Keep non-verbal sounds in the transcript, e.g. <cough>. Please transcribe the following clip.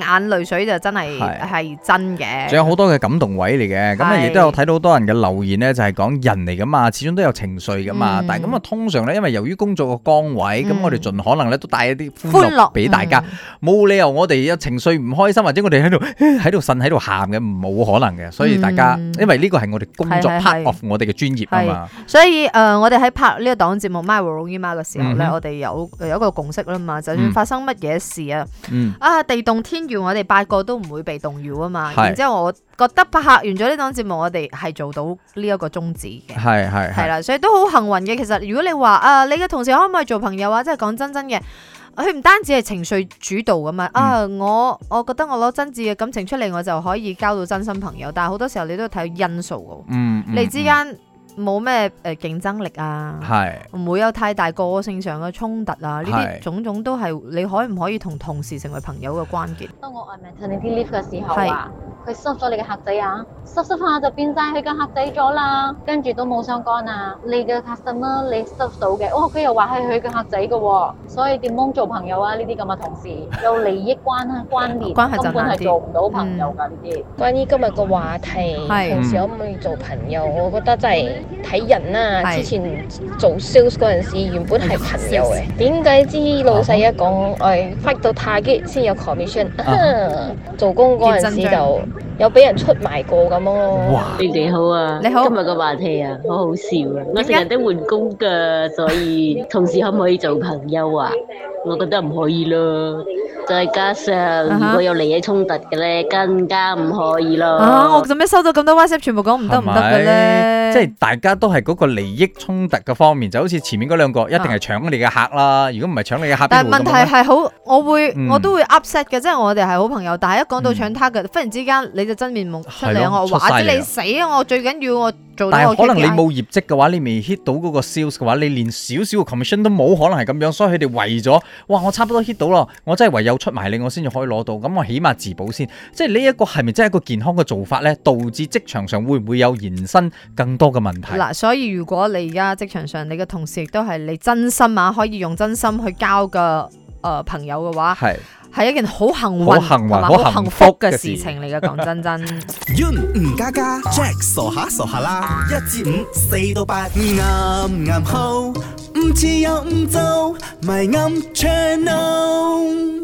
眼淚水就真係係真嘅，仲有好多嘅感動位嚟嘅，咁啊亦都有睇到好多人嘅留言呢，就係講人嚟噶嘛，始終都有情緒噶嘛，但係咁啊通常咧，因為由於工作個崗位，咁我哋盡可能咧都帶一啲歡樂俾大家，冇理由我哋有情緒唔開心或者我哋喺度喺度呻喺度喊嘅，冇可能嘅，所以大家因為呢個係我哋工作 part of 我哋嘅專業啊嘛，所以誒我哋喺拍呢個檔節目 My World On You 媽嘅時候咧，我哋有有一個共識啦嘛，就算發生乜嘢事啊，啊地動天，我哋八個都唔會被動搖啊嘛，係，然之後我覺得拍完咗呢檔節目，我哋係做到呢一個宗旨嘅，係係係啦，所以都好幸運嘅。其實如果你話啊，你嘅同事可唔可以做朋友啊？即係講真真嘅，佢唔單止係情緒主導噶嘛，嗯，啊，我我覺得我攞真摯嘅感情出嚟，我就可以交到真心朋友。但係好多時候你都要睇因素噶，嗯，嗯，你之間。嗯冇咩誒競爭力啊，係唔 <music> 會有太大個性上嘅衝突啊，呢啲 <music> 種種都係你可唔可以同同事成為朋友嘅關鍵。 <music> 當我外面同你啲 lift 嘅時候啊，佢 <music> 收咗你嘅客仔啊。濕濕下就變晒佢嘅客仔咗啦，跟住都冇相干啊！你嘅客 u s 你濕到嘅，哦佢又話係佢嘅客仔嘅，所以點樣做朋友啊？呢啲咁嘅同事有利益關係關聯，根本係做唔到朋友噶呢啲。嗯、關於今日嘅話題，平時可唔可以做朋友，嗯、我覺得真係睇人啊。是之前做 sales 嗰陣時，原本係朋友嘅，點解知老細一講，哎 fit 到太激先有 commission，做工陣時就。有俾人出賣過咁咯，哇你哋好啊，你好！今日個話題啊，好好笑啊，我成日都換工噶，所以同事可唔可以做朋友啊？我覺得唔可以咯。再加上如果有利益衝突嘅咧，更加唔可以咯。啊！我做咩收到咁多 WhatsApp，全部講唔得唔得嘅咧？是是呢即係大家都係嗰個利益衝突嘅方面，就好似前面嗰兩個一定係搶你嘅客啦。啊、如果唔係搶你嘅客，但係問題係好，會嗯、我會我都會 upset 嘅，即係我哋係好朋友，但係一講到搶他嘅，忽然之間你就真面目出嚟，的我話你死啊，我，最緊要我。但係可能你冇業績嘅話，你未 hit 到嗰個 sales 嘅話，你連少少 commission 都冇，可能係咁樣，所以佢哋為咗，哇！我差唔多 hit 到咯，我真係唯有出賣你，我先至可以攞到，咁我起碼自保先。即係呢一個係咪真係一個健康嘅做法呢？導致職場上會唔會有延伸更多嘅問題？嗱，所以如果你而家職場上你嘅同事亦都係你真心啊，可以用真心去交嘅誒、呃、朋友嘅話，係。係一件好幸運、好幸福嘅事情嚟㗎，講真真。 <laughs> <music>